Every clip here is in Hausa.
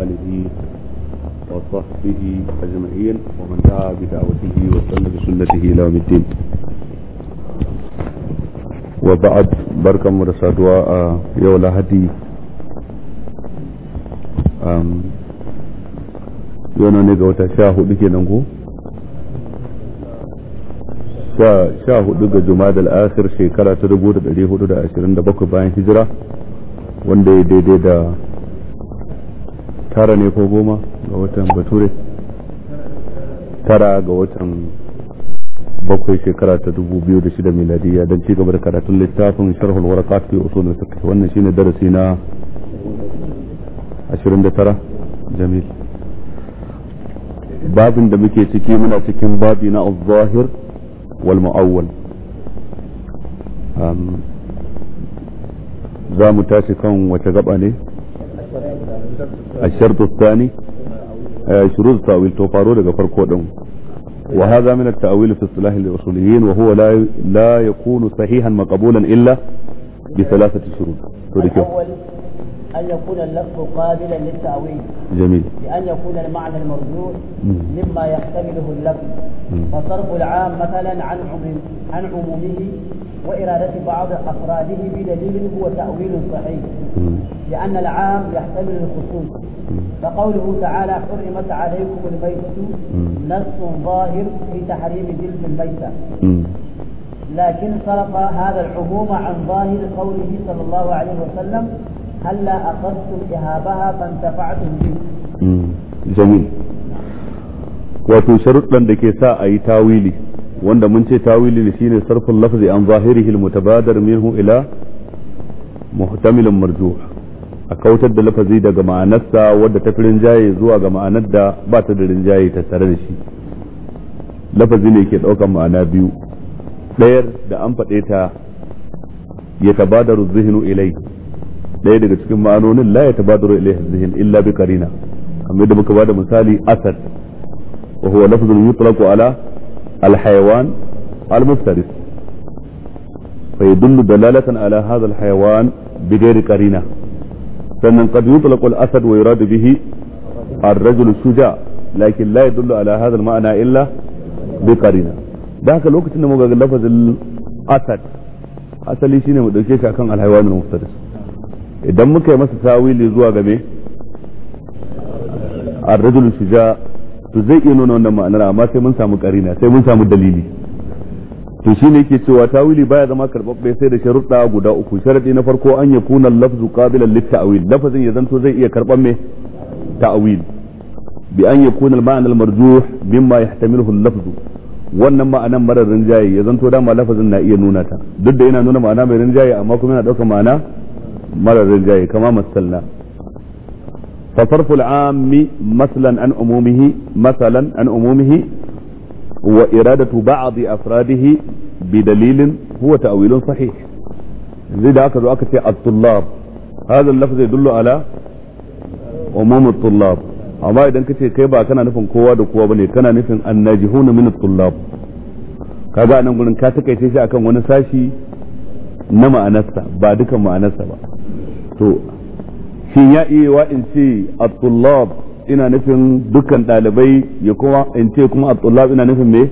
آله وصحبه أجمعين ومن دعا بدعوته وسلم بسنته إلى يوم الدين وبعد بركة مرسى دعاء يولا هدي yana ne ga wata sha hudu kenan ko sha hudu ga shekara ta 1427 bayan hijira wanda ya daidai da tara ne ko goma ga watan bature tara ga watan bakwai shekara ta dubu biyu da shida miladiyya don ci gaba da karatun littafin sharhul warakat fi usul fiqh wannan shine darasi na 29 jamil babin da muke ciki muna cikin babi na az-zahir wal mu'awwal za mu tashi kan wace gaba ne الشرط الثاني آه، شروط التأويل توفاروا لغفر فرقو وهذا من التأويل في اصطلاح الأصوليين وهو لا لا يكون صحيحا مقبولا إلا بثلاثة شروط. أن يكون اللفظ قابلا للتأويل جميل بأن يكون المعنى المرجوع مما يحتمله اللفظ فصرف العام مثلا عن عموم عن عمومه وإرادة بعض أفراده بدليل هو تأويل صحيح لأن العام يحتمل الخصوص فقوله تعالى حرمت عليكم الميتة نص ظاهر في تحريم جلد الميتة لكن صرف هذا العموم عن ظاهر قوله صلى الله عليه وسلم ألا أخذتم إهابها فانتفعتم به جميل wato sharuɗan da ke sa a yi tawili wanda mun ce tawili shine sarfin lafzi an zahirihi almutabadar minhu ila muhtamilin marju a kautar da lafazi daga ma'anarsa wadda ta fi rinjaye zuwa ga ma'anar da ba ta da rinjaye tattare da shi lafazi ne ke ɗaukar ma'ana biyu ɗayar da an faɗe ta ya tabadaru zihinu ilai ɗaya daga cikin ma'anonin la yatabadaru ilayhi zihin illa bi qarina amma da muka bada misali asad wa huwa lafzun yutlaqu ala al-hayawan al-muftaris fa yadullu dalalatan ala hadha al-hayawan bighairi qarina sannan qad yutlaqu al-asad wa yuradu bihi ar-rajulu shuja lakin la yadullu ala hadha al-ma'na illa bi qarina da haka lokacin da muka ga lafazin asad asali shine mu dauke shi akan al-hayawan al-muftaris idan muka yi masa tawili zuwa game ar-rajul to zai iya nuna wannan ma'anar amma sai mun samu karina sai mun samu dalili to shi ne yake cewa tawili baya zama karbabbe sai da sharuɗa guda uku sharaɗi na farko an kuna lafzu qabilan lit ta'awil lafazin ya zanto zai iya karban me ta'awil bi an yakuna al-ma'na al ma ya hatamil al-lafzu wannan ma'anan marar rinjaye ya zanto dama lafazin na iya nuna ta duk da yana nuna ma'ana mai rinjaye amma kuma yana ɗaukar ma'ana مرر الجاي كما مثلنا فصرف العام مثلا عن عمومه مثلا عن عمومه وإرادة بعض أفراده بدليل هو تأويل صحيح زيد أكد أكد الطلاب هذا اللفظ يدل على عموم الطلاب أما إذا كنت كيبا كان نفن قواد وكوابني كان نفن الناجحون من الطلاب كذا نقول gurin ka taƙaice shi akan wani sashi na ma'anarsa ba dukan to shi ya iya wa in ce abdullab ina nufin dukkan ɗalibai ya kuma in ce kuma abdullab ina nufin me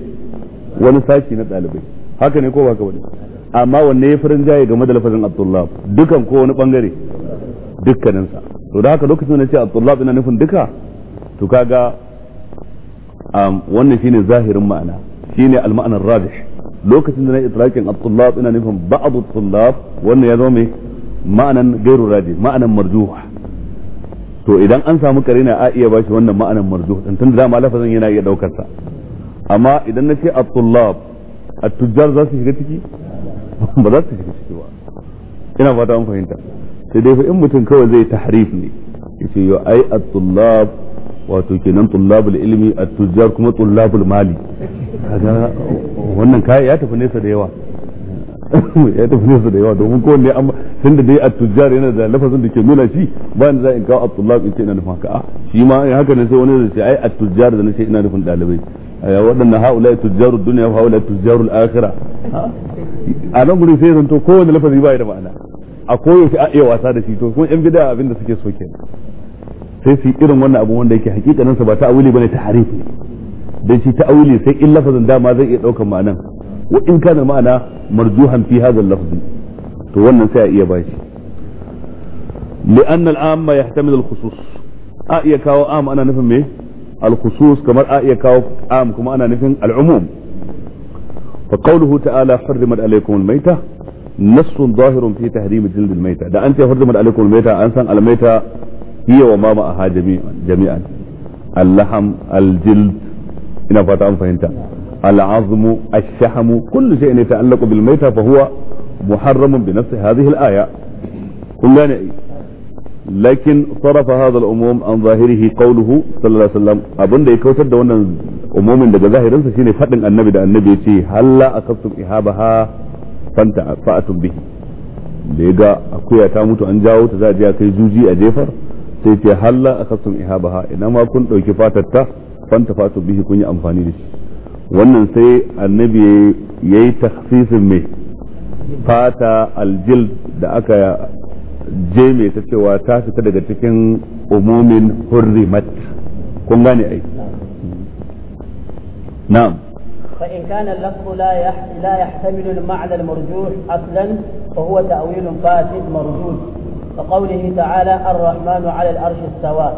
wani sashi na ɗalibai haka ne ko ba ka amma wanne ya farin jaye game da lafazin abdullab dukkan dukan ko wani bangare dukkaninsa to da haka lokacin da ce abdullab ina nufin duka to kaga wannan shine zahirin ma'ana shine al-ma'anar rajih lokacin da na itrakin abdullab ina nufin ba'd at-tullab wannan ya zama me ma'anan gairu raji ma'anan marjuh to idan an samu karina a iya bashi wannan ma'anan marjuh din tunda dama lafazin yana iya daukar sa amma idan nace at-tullab at-tujjar za su shiga ciki ba za su shiga ciki ba ina fata an fahimta sai dai fa in mutum kawai zai tahrif ne yace yo ai at-tullab wato kenan tullabul ilmi at-tujjar kuma tullabul mali kaga wannan kai ya tafi nesa da yawa ya tafi nesa da yawa domin kowanne amma tun da dai a tujjar yana da lafazin da ke nuna shi ba ni za in kawo abdullahi in ce ina nufin haka shi ma haka ne sai wani zai ce ai a tujjar da na ce ina nufin ɗalibai ya waɗannan haula tujjarul duniya fa haula tujjarul akhira. a nan gurin sai zanto kowanne lafazi ba ya da ma'ana a koyaushe a iya wasa da shi to kuma yan bid'a abin da suke so kenan sai su yi irin wannan abu wanda yake hakikanin sa ba ta'awili bane ta harifi dan shi ta'awili sai in lafazin dama zai iya daukar ma'anan وإن كان المعنى مرجوحا في هذا اللفظ تولى ساء يا باشي لأن العام يحتمل الخصوص آئي كاو آم أنا نفهم إيه الخصوص كما آئي كاو آم كما أنا نفهم العموم فقوله تعالى حرمت عليكم الميتة نص ظاهر في تهريم جلد الميتة ده أنت حرمت عليكم الميتة أنسان الميتة هي وما معها جميعا جميعا اللحم الجلد إن فاتان فهمتها العظم الشحم كل شيء يتعلق بالميتة فهو محرم بنفس هذه الآية كلنا نعم. لكن صرف هذا الأموم عن ظاهره قوله صلى الله عليه وسلم أبن دي كوتد وانا أموم دي ظاهر سيني فتن النبي دا النبي تي هل لا أكبتم إحابها فانت فأتم به ليغا أكويا تاموت أن جاو تزاد كي جوجي أجيفر سيتي هل لا أكبتم إحابها إنما كنت وكفاتت فانت به كني أمفاني لشي wannan sai annabi ya yi taksisin mai fata aljil da aka je mai ta cewa ta fita daga cikin umumin hurrimat kun gane ai na'am فإن كان اللفظ لا لا يحتمل المعنى المرجوح أصلا فهو تأويل فاسد مردود كقوله تعالى الرحمن على العرش استوى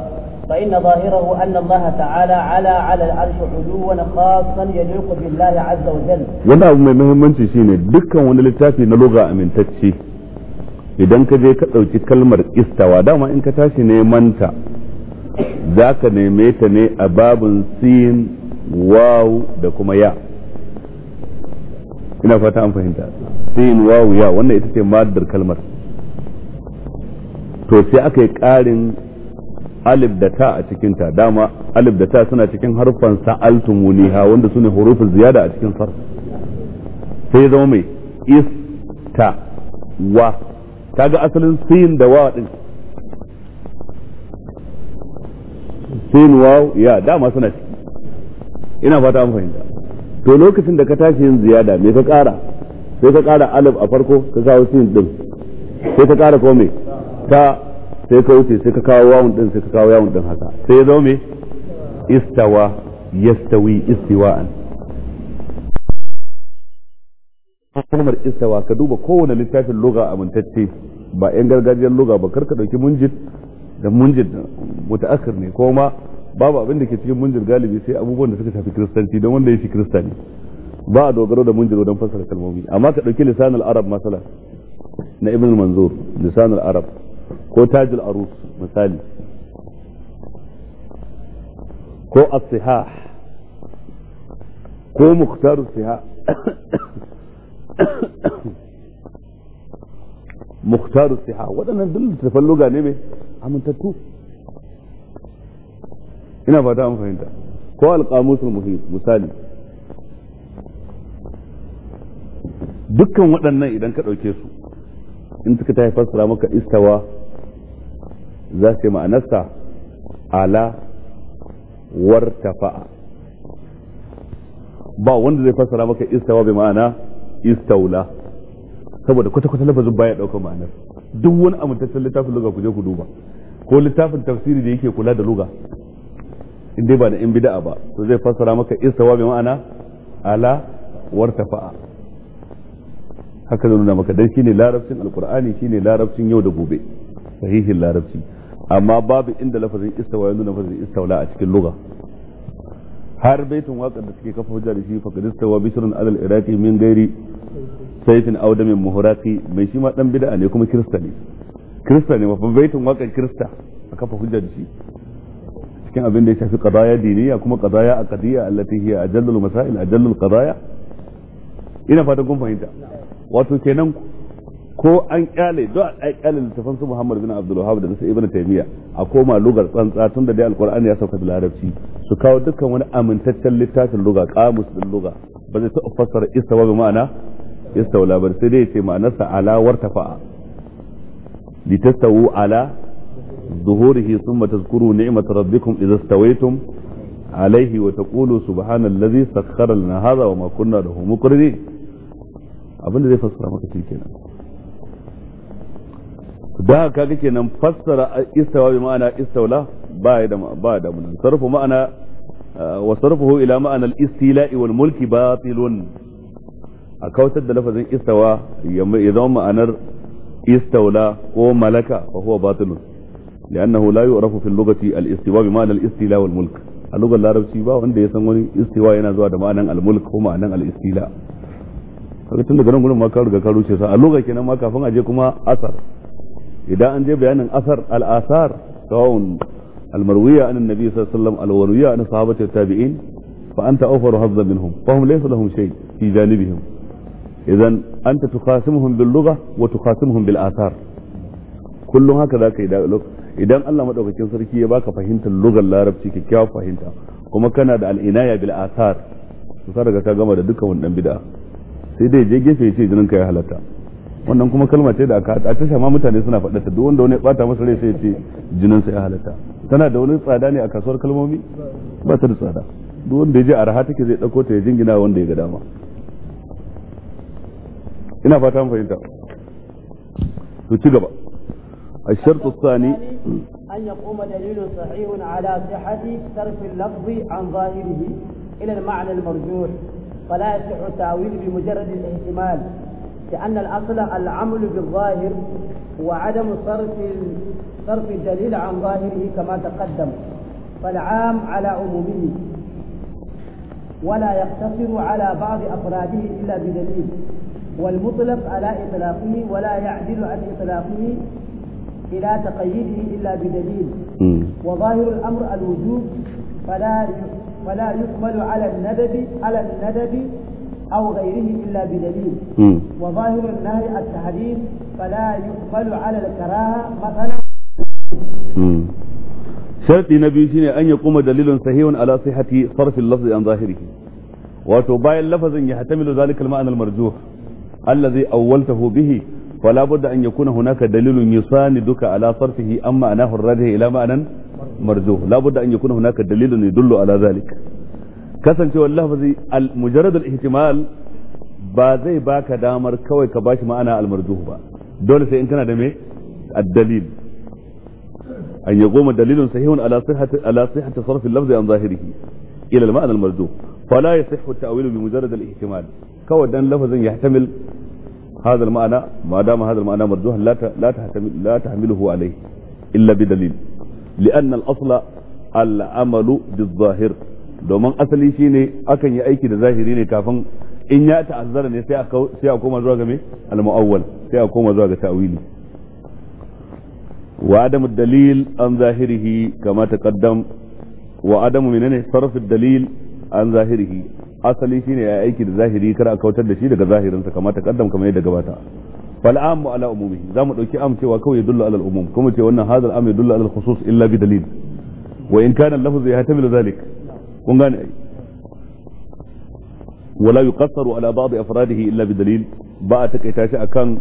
فإن ظاهره أن الله تعالى على على العرش علوا خاصا يليق بالله عز وجل وانا أبو مهمنتي شيني دكا وانا لتافي نلغة من تتشي idan ka je ka ɗauki kalmar istawa dama in ka tashi neman ta za ka neme ta ne a babin sin wawu da kuma ya ina fata an fahimta sin wawu ya wannan ita ce madar kalmar to sai aka yi ƙarin alif da ta a cikin ta dama alif da ta suna cikin harfan sa'altumuniha wanda sune hurufin ziyada a cikin sar sai ya zama mai is ta wa kaga asalin sin da wa din sin wa ya dama suna ciki ina fata an fahimta to lokacin da ka tashi yin ziyada me ka kara sai ka kara alif a farko ka kawo sin din sai ka kara ko me ta sai ka wuce sai ka kawo wawun din sai ka kawo yawun din haka sai ya zama me istawa yastawi istiwa'an kalmar istawa ka duba kowane littafin luga amintacce ba yan gargajiyar luga ba karka dauki munjid da munjid mutaakhir ne ko ma babu abin da ke cikin munjid galibi sai abubuwan da suka shafi kristanci don wanda ya shi krista ne ba a dogaro da munjid don fassara kalmomi amma ka ɗauki lisanul arab masala na ibn manzur lisanul arab ko tajul arus misali ko asiha ko mukhtaru siha mukhtaru siha waɗannan duk littattafan loga ne mai amintattu ina fata an fahimta ko alƙamusul muhim misali dukkan waɗannan idan ka ɗauke su in suka ta fassara maka istawa za su yi ma'anarsa ala wartafa'a ba wanda zai fassara maka istawa bai ma'ana istaula saboda kwata-kwata lafazin baya ɗaukar ma'anar duk wani amintaccen littafin luga ku je ku duba ko littafin tafsiri da yake kula da luga in dai ba da in bida'a ba to zai fassara maka istawa bai ma'ana ala wartafa'a haka zai nuna maka dan shine larabcin alqur'ani shine larabcin yau da gobe sahihin larabci amma babu inda lafazin istawa ya nuna lafazin istawla a cikin lugha har baitun waƙar da suke kafa hujja da shi fa kadistawa bishrun alal iraqi min gairi sayfin aw damin muhraqi mai shi ma dan bid'a ne kuma kirista ne kirista ne mafi baitun waƙar kirista a kafa hujja da shi cikin abin da ya shafi qadaya diniya kuma qadaya aqdiyya allati hiya ajallul masail ajallul qadaya ina fata kun fahimta wato kenan ko an kyale don a kyale littafan su Muhammad bin Abdul Wahhab da Ibn Taymiya a koma lugar tsantsa tun da dai Alqur'ani ya sauka da Larabci su kawo dukkan wani amintaccen littafin luga kamus din luga ba zai taɓa fassara istawa bi ma'ana istawla ba sai dai ce ma'anar sa ala wartafa'a litastawu ala ظهوره ثم تذكروا نعمة ربكم إذا استويتم عليه وتقولوا سبحان الذي سخر لنا هذا وما كنا له مقرنين abin da zai fassara maka shi kenan da kaga kenan fassara istawa bi ma'ana istawla ba ya da ba da mun sarfu ma'ana ah, wa sarfuhu ila ma'ana al-istila'i wal mulki batilun a kautar da lafazin istawa ya zama ma'anar استولى هو ملك فهو باطل لأنه لا يعرف في اللغة الاستواء بمعنى الاستيلاء والملك اللغة العربية با وند يسمون استواء ينازوا ده الملك هو معنى الاستيلاء kaga tun daga nan gurin ma ka riga ka rushe sa a loga kenan ma kafin a kuma asar idan an je bayanin asar al-asar sawun al-marwiya an annabi sallallahu alaihi wasallam al-warwiya an sahabati tabi'in fa anta awfaru hazzan minhum fa hum laysa lahum shay fi janibihim idan anta tukhasimuhum bil lugha wa tukhasimuhum bil asar kullun haka zaka yi idan Allah madaukakin sarki ya baka fahimtar lugar larabci kyakkyawar fahimta kuma kana da al-inaya bil asar to ka daga ka gama da dukkan wannan bid'a sai dai je gefe ya ce jinin kai ya halatta wannan kuma kalma ce da aka a tasha ma mutane suna faɗa ta duk wanda wani bata masa rai sai ya ce jinin sai ya halatta tana da wani tsada ne a kasuwar kalmomi ba ta da tsada duk wanda ya je arha take zai dauko ta ya jingina wanda ya ga dama ina fata mun fahimta to ci gaba الشرط الثاني أن يقوم دليل صحيح على صحة صرف اللفظ عن ظاهره إلى المعنى المرجوح فلا يصح التاويل بمجرد الاحتمال لأن الأصل العمل بالظاهر وعدم صرف صرف الدليل عن ظاهره كما تقدم فالعام على عمومه ولا يقتصر على بعض أفراده إلا بدليل والمطلق على إطلاقه ولا يعدل عن إطلاقه إلى تقييده إلا بدليل وظاهر الأمر الوجوب فلا فلا يقبل على الندب على الندب أو غيره إلا بدليل م. وظاهر النهي التحريم فلا يقبل على الكراهة مثلا sharti na biyu shine an ya kuma dalilin sahihun ala sihhati sarfin lafzi an zahirihi wato bayan lafazin ya hatamilu zalika al-ma'na al-marjuh allazi awwaltahu bihi fala budda an yakuna hunaka dalilun yusani duka ala sarfihi amma anahu ar-rajih ila ma'nan مرجوه لابد ان يكون هناك دليل يدل على ذلك كسن شو اللفظي مجرد الاحتمال بازي باك دامر كوي كباش ما انا المرجوه با دول سي ان كان دمي الدليل ان يقوم دليل صحيح على صحة على صحة صرف اللفظ عن ظاهره الى المعنى المرجوه فلا يصح التأويل بمجرد الاحتمال كوي دان لفظ يحتمل هذا المعنى ما دام هذا المعنى مرجوه لا لا تحمله عليه الا بدليل li'anna al العمل بالظاهر domin asali shine akan yi aiki da zahiri ne kafin in ya ta'azzara ne sai a sai a koma zuwa ga me al-mu'awwal sai a koma zuwa ga ta'wili wa adamu dalil an zahirihi kama taqaddam wa adamu menene sarfu dalil an zahirihi asali shine ya aiki da zahiri kar a kautar da shi daga zahirinsa kama taqaddam kamar yadda gabata wal amu ala umumihi zamu dauki am cewa kawai yadullu ala al umum kuma ce wannan hadal am yadullu ala al khusus illa bi dalil wa in kana lafzu yahtamilu zalik kun gane ai wala yuqassaru ala ba'd afradihi illa bi dalil ba a takaita shi akan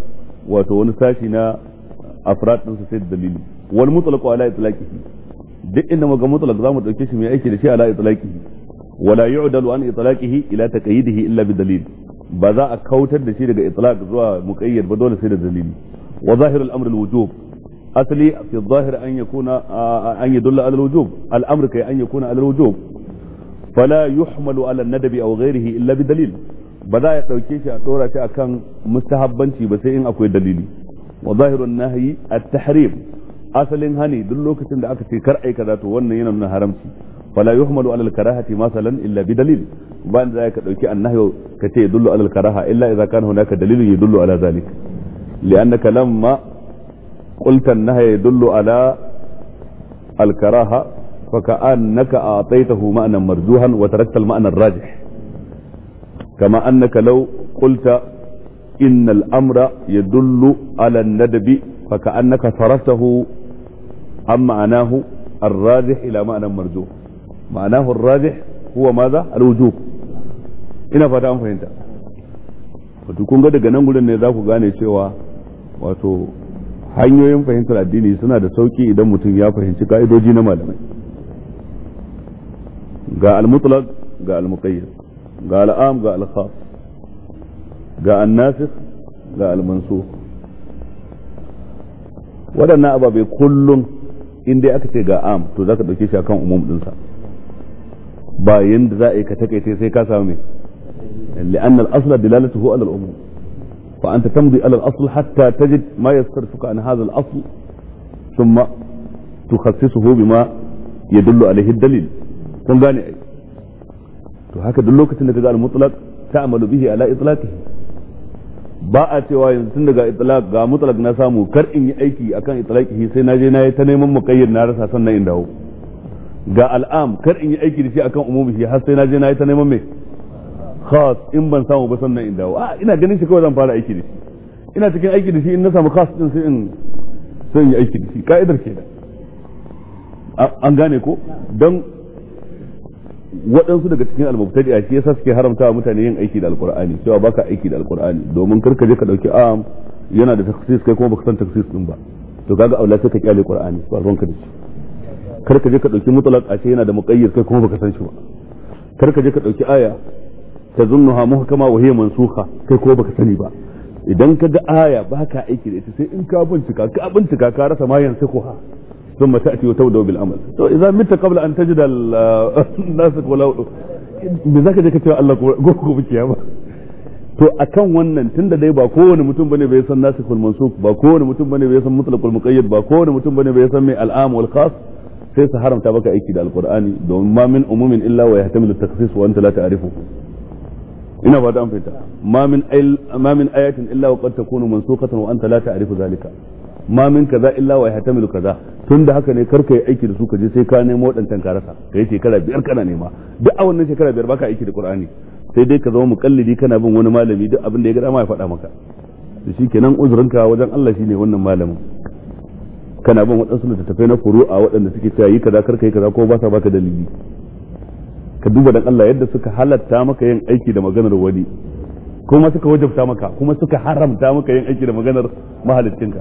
wato wani sashi na afrad din sai da dalili wal mutlaqu ala itlaqihi duk inda muga mutlaq zamu dauke shi mai aiki da shi ala itlaqihi wala yu'dalu an itlaqihi ila taqyidihi illa bi dalil ba za a kautar da shi daga itlaq zuwa muqayyad ba dole sai da dalili wa zahir al-amr al-wujub asli fi zahir an yakuna an yadulla ala al-wujub al-amr kay an yakuna ala al-wujub fala yuhmalu ala an a aw ghayrihi illa bi dalil ba za ya dauke shi a dora shi akan mustahabbanci ba sai in akwai dalili wa zahirun nahyi at-tahrim asalin hani duk lokacin da aka ce kar aika kaza to wannan yana nuna haramci فلا يهمل على الكراهة مثلا إلا بدليل وبعد ذلك دوكي النهي كتي يدل على الكراهة إلا إذا كان هناك دليل يدل على ذلك لأنك لما قلت النهي يدل على الكراهة فكأنك أعطيته معنى مرجوها وتركت المعنى الراجح كما أنك لو قلت إن الأمر يدل على الندب فكأنك صرفته عن معناه الراجح إلى معنى مرجوح ma'anahu ar-rajih huwa maza al-wujub ina fata an fahimta wato kun ga daga nan gurin ne za ku gane cewa wato hanyoyin fahimtar addini suna da sauki idan mutum ya fahimci ka'idoji na malamai ga al-mutlaq ga al-muqayyad ga al-am ga al-khas ga an-nasikh ga al-mansukh waɗannan ababe kullum in dai aka ce ga am to zaka dauke shi akan umum dinsa ba yanda za a yi ka takaice sai ka samu mai لأن الأصل دلالته على العموم فأنت تمضي على الأصل حتى تجد ما يصرفك عن هذا الأصل ثم تخصصه بما يدل عليه الدليل kun gane ai to haka duk lokacin da ka ga al-mutlaq ta'malu bihi ala itlaqihi ba a cewa yanzu tun daga itlaq ga mutlaq na samu kar in yi aiki akan itlaqihi sai na je na ta neman muqayyid na rasa sannan in daho. ga al'am kar in yi aiki da shi akan umumi shi har sai na je na yi ta neman mai khas in ban samu ba sannan in dawo a ah, ina ganin shi kawai zan fara aiki da shi ina cikin aiki da shi in na samu khas din sai in sai in yi aiki da shi ka'idar ke da an gane ko don waɗansu daga cikin almubtadi a shi yasa suke haramta mutane yin aiki da alqur'ani cewa baka aiki da alqur'ani domin kar ka je ka dauki am yana da taksis kai kuma baka san taksis din ba to kaga aula sai ka kyale qur'ani ba ruwanka da shi kar ka je ka dauki mutlaq a ce yana da muqayyid kai kuma baka san shi ba kar ka je ka dauki aya tazunnuha muhkama wa hiya mansukha kai kuma baka sani ba idan ka ga aya ba ka aiki da ita sai in ka bincika ka bincika ka rasa ma yansukuha ثم تأتي وتودع بالعمل تو إذا مت قبل أن تجد الناسك ولا بذاك Allah تبع الله قوكو بكيامة to akan wannan tunda dai ba kowane mutum bane bai san nasikul mansuk ba kowane mutum bane bai san mutlaqul muqayyad ba kowane mutum bane bai san mai al'am wal khas sai su haramta baka aiki da alkur'ani domin ma min umumin illa wa yahtamilu takhsis wa anta la ta'rifu ina ba da an fita ma min ma min ayatin illa wa qad takunu mansukhatan wa anta la ta'rifu zalika ma min kaza illa wa yahtamilu kaza tunda haka ne karka yi aiki da su ka je sai ka nemo wadancan ka yi kai shekara biyar kana nema duk a wannan shekara biyar baka aiki da qur'ani sai dai ka zama mukallidi kana bin wani malami duk abin da ya ga dama ya faɗa maka da kenan uzurinka wajen Allah shine wannan malamin kana bin waɗansu littattafai na furu a waɗanda suke cewa yi kaza karka yi kaza ko ba sa baka dalili ka duba dan Allah yadda suka halatta maka yin aiki da maganar wani kuma suka wajabta maka kuma suka haramta maka yin aiki da maganar mahaliccinka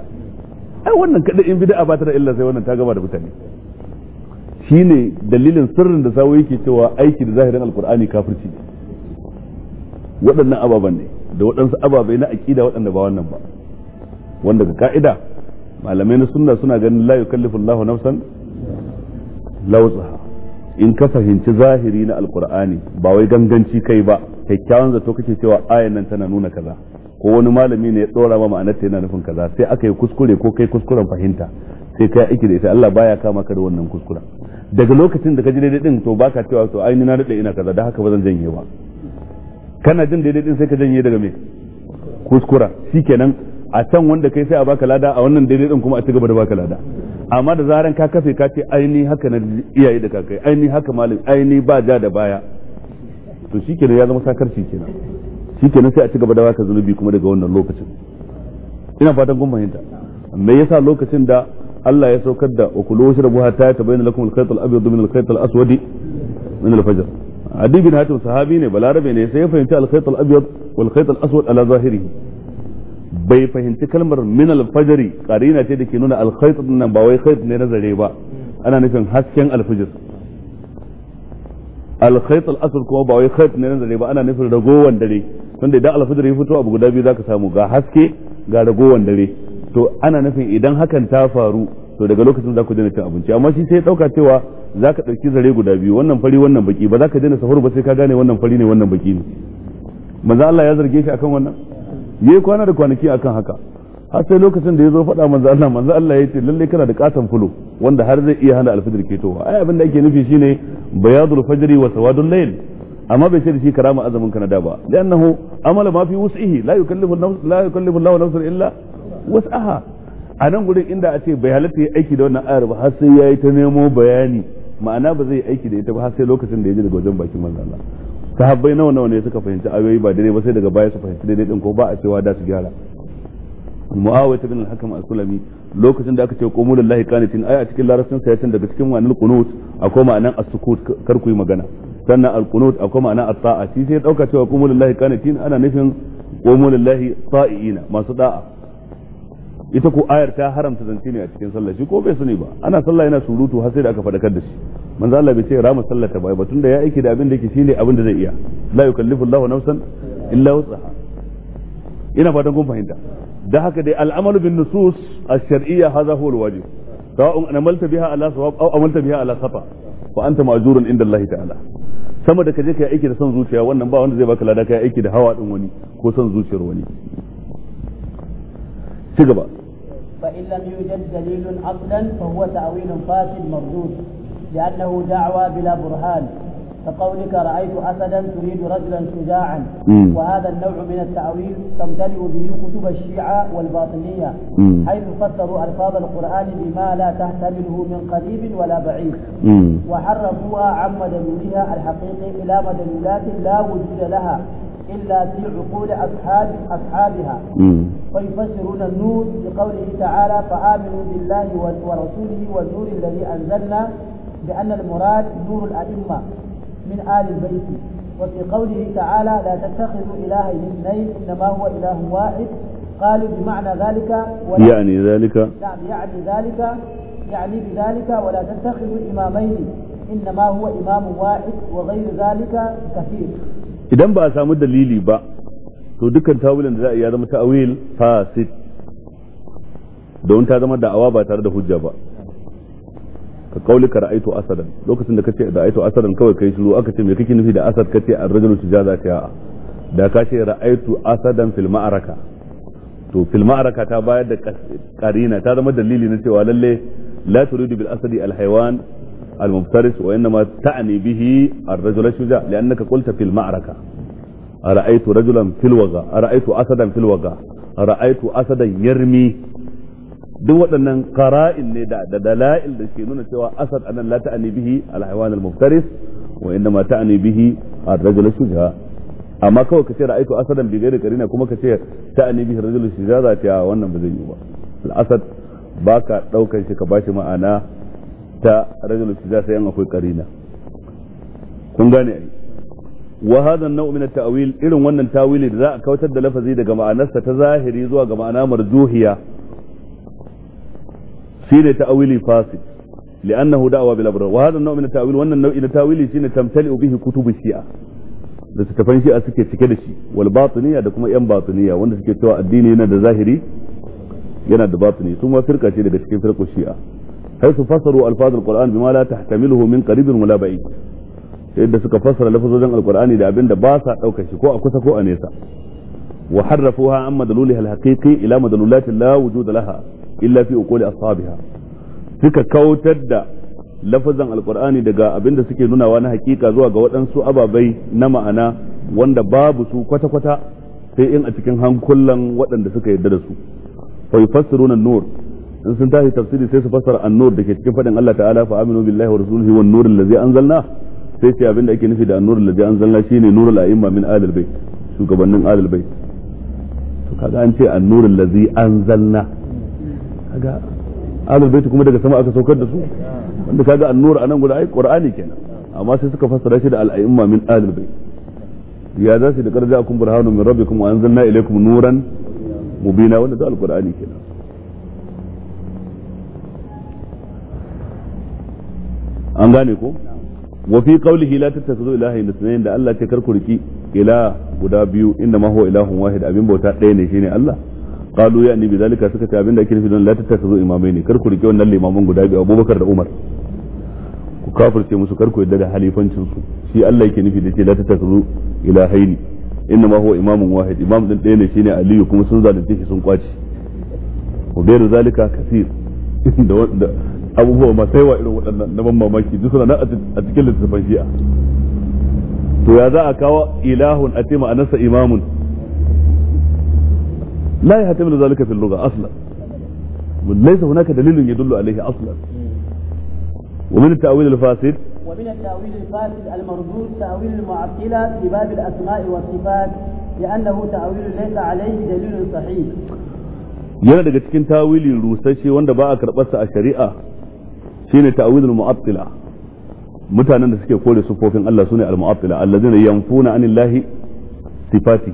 ai wannan kada in bid'a ba ta da illa sai wannan ta gaba da mutane shine dalilin sirrin da sawo yake cewa aiki da zahirin alqur'ani kafirci ne waɗannan ababen ne da waɗansu ababai na aƙida waɗanda ba wannan ba wanda ga ka'ida malamai na sunna suna ganin la yukallifu Allahu nafsan la in ka fahimci zahiri na alqur'ani ba wai ganganci kai ba kyakkyawan zato kake cewa ayan nan tana nuna kaza ko wani malami ne ya dora ma ma'anar ta yana nufin kaza sai aka yi kuskure ko kai kuskuren fahimta sai kai aiki da ita Allah baya kama ka da wannan kuskura daga lokacin da ka ji daidai din to baka cewa to ai na dade ina kaza da haka ba zan janye ba kana jin daidai din sai ka janye daga me kuskura shikenan a can wanda kai sai a baka lada a wannan daidai din kuma a cigaba da baka lada amma da zaran ka kafe ka ce aini haka na iyaye da kakai aini haka malam aini ba ja da baya to shikenan ya zama sakarci kenan shikenan sai a cigaba da baka zunubi kuma daga wannan lokacin ina fatan kun fahimta me yasa lokacin da Allah ya saukar da ukulu shrabu hatta tabayyana lakum al-khayt al-abyad min al-khayt al-aswad min al-fajr Adi bin Hatim sahabi ne balarabe ne sai ya fahimci al-khayt al-abyad wal khayt al-aswad ala zahirihi bai fahimci kalmar min alfajari karina ce da ke nuna alkhaitu din nan ba wai khayt ne na zare ba ana nufin hasken alfajir alkhaitu al-asr kuma ba wai khayt ne na zare ba ana nufin ragowan dare tunda idan alfajir ya fito abu guda biyu zaka samu ga haske ga ragowan dare to ana nufin idan hakan ta faru to daga lokacin za ku daina cin abinci amma shi sai dauka cewa za ka ɗauki zare guda biyu wannan fari wannan baki ba za ka daina sahur ba sai ka gane wannan fari ne wannan baki ne manzo Allah ya zarge shi akan wannan yayi kwana da kwanaki akan haka har sai lokacin da ya zo faɗa manzo Allah manzo Allah ya ce lalle kana da katon fulo wanda har zai iya hana alfajir ketowa ai abin da ake nufi shine bayadul fajri wa sawadul layl amma bai ce da shi karama azumin kana da ba lannahu amala ma fi wus'ihi la yukallifu la yukallifu Allahu nafsan illa wus'aha a nan gurin inda a ce bai halatta ya aiki da wannan ayar ba har sai yayi ta nemo bayani ma'ana ba zai aiki da ita ba har sai lokacin da ya ji daga wajen bakin manzo Allah sahabbai nawa nawa ne suka fahimci ayoyi ba daidai ba sai daga baya su fahimci daidai din ko ba a cewa da su gyara muawiya ibn al-hakam al-sulami lokacin da aka ce qumu lillahi qanitin ai a cikin larasin sai tun daga cikin ma'anar qunut akwai ma'anar as-sukut kar ku yi magana sannan al-qunut akwai ma'anar at-ta'a shi sai dauka cewa qumu lillahi qanitin ana nufin qumu lillahi masu da'a ita ko ayar ta haramta zance ne a cikin sallah shi ko bai sani ba ana sallah yana surutu har sai da aka fadakar da shi manzo Allah bai ce rama sallah ta bai batun da ya aiki da abin da yake shine abin da zai iya la yukallifu Allahu nafsan illa wus'aha ina fatan kun fahimta da haka dai al'amalu bin nusus ash-shar'iyya hadha huwa al-wajib sawa'un amalta biha ala sawab aw amalta biha ala khata fa anta ma'zurun inda Allah ta'ala sama da kaje kai aiki da son zuciya wannan ba wanda zai baka lada kai aiki da hawa din wani ko son zuciyar wani ci gaba فإن لم يوجد دليل أصلا فهو تأويل فاسد مردود لأنه دعوى بلا برهان كقولك رأيت أسدا تريد رجلا شجاعا وهذا النوع من التأويل تمتلئ به كتب الشيعة والباطنية حيث فسروا ألفاظ القرآن بما لا تحتمله من قريب ولا بعيد وحرفوها عن مدلولها الحقيقي إلى مدلولات لا وجود لها إلا في عقول أصحاب أصحابها فيفسرون النور بقوله تعالى فآمنوا بالله ورسوله والنور الذي أنزلنا بأن المراد نور الأئمة من آل البيت وفي قوله تعالى لا تتخذوا إلهي اثنين إنما هو إله واحد قالوا بمعنى ذلك ولا يعني ذلك نعم يعني ذلك يعني بذلك ولا تتخذوا إمامين إنما هو إمام واحد وغير ذلك كثير idan ba a samu dalili ba to dukkan tawilin da za a iya zama ta'awil fasid don ta zama da'awa ba tare da hujja ba ka kauli ka ra'aitu asadan lokacin da kace da ra'aitu asadan kawai kai shiru aka ce me kake nufi da asad kace ar-rajulu tujaza ta da ka ce ra'aitu asadan fil ma'araka to fil ma'araka ta bayar da karina ta zama dalili na cewa lalle la turidu bil asadi al haywan المفترس وإنما تعني به الرجل الشجاع لأنك قلت في المعركة أرأيت رجلا في الوغى أرأيت أسدا في الوغى أرأيت أسدا يرمي duk waɗannan qara'in ne da da dala'il da nuna cewa asad anan la ta'ani bihi al-hayawan al-muftaris wa innama ta'ani bihi ar-rajul amma kawai kace ra'aytu asadan bi ghairi qarina kuma kace ta'ani bihi ar-rajul shujaa wannan ba zai yi ba al-asad baka daukar shi ka bashi ma'ana ta rajul istiza sai an akwai karina kun gane ai wa hadha an-naw' min at-ta'wil irin wannan tawili da za a kautar da lafazi daga ma'anarsa ta zahiri zuwa ga ma'ana marjuhiya shine ta'wili fasid li'annahu da'wa bil abrar wa hadha an-naw' min at-ta'wil wannan nau'i na tawili shine tamtali'u bihi kutubu shi'a da littattafan shi'a suke cike da shi wal batiniya da kuma yan batiniya wanda suke cewa addini yana da zahiri yana da batini su ma firka ce daga cikin firqu shi'a حيث فسروا الفاظ القران بما لا تحتمله من قريب ولا بعيد yadda suka fassara lafazojin alqur'ani da abin da ba sa daukar shi ko a kusa ko a nesa wa harrafuha an madaluli alhaqiqi ila madalulati la wujud laha illa fi uquli ashabiha suka kautar da lafazan alqur'ani daga abin da suke nunawa na hakika zuwa ga waɗansu ababai na ma'ana wanda babu su kwata-kwata sai in a cikin hankulan waɗanda suka yarda da su fa yufassiruna an-nur in sun tashi tafsiri sai su fassara annur da dake cikin fadin Allah ta'ala fa aminu billahi wa rasulihi wan nur allazi anzalna sai ce abinda ake nufi da an allazi anzalna shine nurul a'imma min alil bait shugabannin alil bait to kaga an ce an allazi anzalna kaga alil bait kuma daga sama aka saukar da su wanda kaga an anan guda ai qur'ani kenan amma sai suka fassara shi da al-a'imma min alil bait ya za su da karja akum burhanu min rabbikum wa anzalna ilaykum nuran mubina wanda da al-qur'ani kenan an gane ko wa fi qawlihi la tattakhudhu ilaha illa sunayn da Allah ce karku riki ila guda biyu inda ma huwa ilahun wahid abin bauta ɗaya ne shine Allah qalu ya annabi zalika suka ce abin da ake nufi don la tattakhudhu imamaini karku riki wannan limamin guda biyu Abubakar da Umar ku kafirce musu karku yadda da halifancin su shi Allah yake nufi da ce la tattakhudhu ilahaini inna ma huwa imamun wahid imam din ɗaya ne shine Aliyu kuma sun zalunce shi sun kwace wa bayru zalika kaseer da abubuwa masu yawa irin waɗannan na ban mamaki duk suna a cikin littattafan shi'a to ya za a kawo ilahun a ce ma'anarsa imamun la ya hatimin zalika fil lugha aslan laysa hunaka dalilun yadullu alayhi aslan wa min at-ta'wil al-fasid ومن التأويل الفاسد المردود تأويل المعطلة في باب الأسماء والصفات لأنه تأويل ليس عليه دليل صحيح yana daga cikin tawilin rusashe wanda ba a karɓarsa a shari'a shine ta'wilul mu'attila mutanen da suke kore sufofin Allah sune al-mu'attila allazina yanfuna anillahi sifati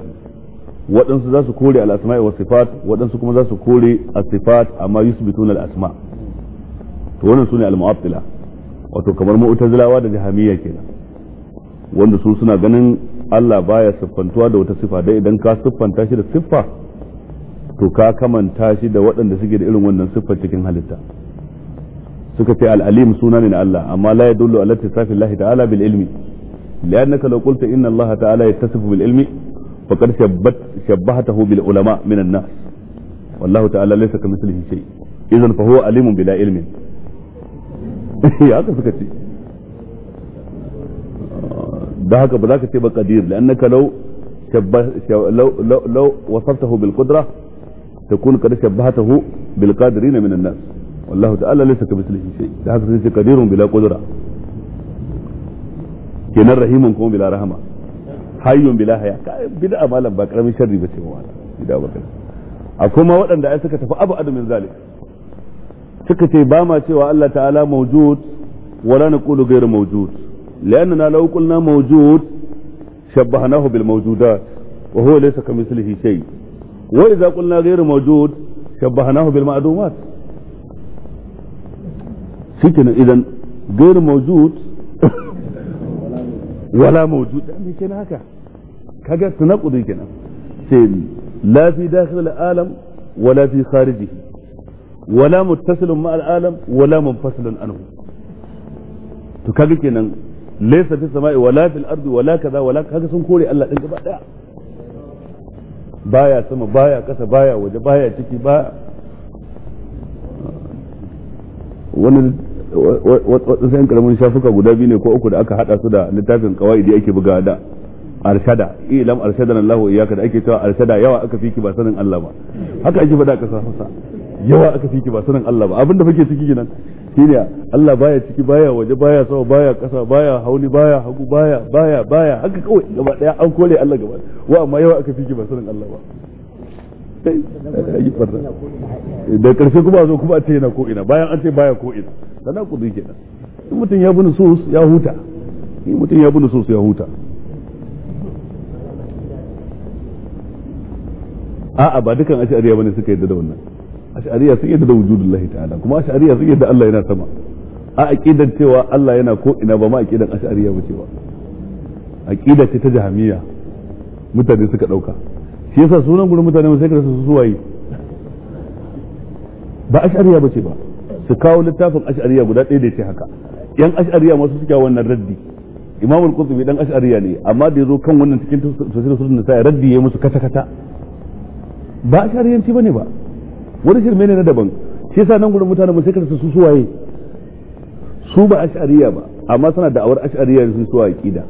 waɗansu za su kore al-asma'i was sifat waɗansu kuma za su kore as-sifat amma yusbituna al-asma to wannan sune al-mu'attila wato kamar mu'tazilawa da jahamiyya kenan wanda su suna ganin Allah baya siffantuwa da wata sifa dai idan ka siffanta shi da siffa to ka kamanta shi da waɗanda suke da irin wannan siffar cikin halitta suka ce al-alim suna ne na Allah amma la yadullu ala tisafin Allah ta'ala bil ilmi لأنك لو قلت إن الله تعالى يتصف بالعلم فقد شبت شبهته بالعلماء من الناس والله تعالى ليس كمثله شيء إذا فهو عليم بلا علم يا هذا فكتي ده هكا بذاك تبقى قدير لأنك لو شبه لو, لو, لو وصفته بالقدرة تكون قد شبهته بالقادرين من الناس والله تعالى ليس كمثله شيء لهذا سيدي قدير بلا قدرة كنا رحيم كوم بلا رحمة حي بلا حياة بدا أمالا باكرا من شر بسيما وانا بدا باكرا أكوما وقت أن دعيسك أبعد من ذلك سكتي باما سوى الله تعالى موجود ولا نقول غير موجود لأننا لو قلنا موجود شبهناه بالموجودات وهو ليس كمثله شيء وإذا قلنا غير موجود شبهناه بالمعدومات shikenan idan gair mawjud wala mawjud me kenan haka kaga tanaqudin kenan sai la fi dakhil alam wala fi kharijihi wala muttasilun ma al-alam wala munfasilun anhu to kaga kenan laysa wala fil ardi wala kaza wala kaga sun kore Allah din gaba daya baya sama baya kasa waje ciki ba wasu sayan karamin shafuka guda biyu ne ko uku da aka hada su da littafin kawai da ake buga da arshada ilam arshada Allah wa iyyaka da ake cewa arshada yawa aka fiki ba sanin Allah ba haka ake faɗa ka sa yawa aka fiki ba sanin Allah ba abinda fake ciki kenan shine Allah baya ciki baya waje baya sama baya kasa baya hauli baya hagu baya baya baya haka kawai gaba daya an kore Allah gaba wa amma yawa aka fiki ba sanin Allah ba da karshe kuma a zo kuma a ce yana ko ina bayan an ce baya ko ina sana ku duke nan in mutum ya bi nusus ya huta in mutum ya bi nusus ya huta a'a ba dukan ash'ariya bane suka yadda da wannan ash'ariya sun yadda da wujudullahi ta'ala kuma ash'ariya sun yadda Allah yana sama a aqidan cewa Allah yana ko ina ba ma aqidan ash'ariya ba cewa aqida ce ta jahmiya mutane suka dauka shi yasa sunan gurin mutane sai ka su suwaye ba ash'ariya ba ce ba su kawo littafin ash'ariya guda ɗaya da ya ce haka yan ash'ariya masu suke wannan raddi imam al-qurtubi dan ash'ariya ne amma da yazo kan wannan cikin tafsirin sunan nisa raddi yayi musu kata kata ba ash'ariyanci bane ba wani shirme ne na daban shi yasa nan gurin mutanen mu sai ka su suwaye su ba ash'ariya ba amma suna da awar ash'ariya ne su suwa aqida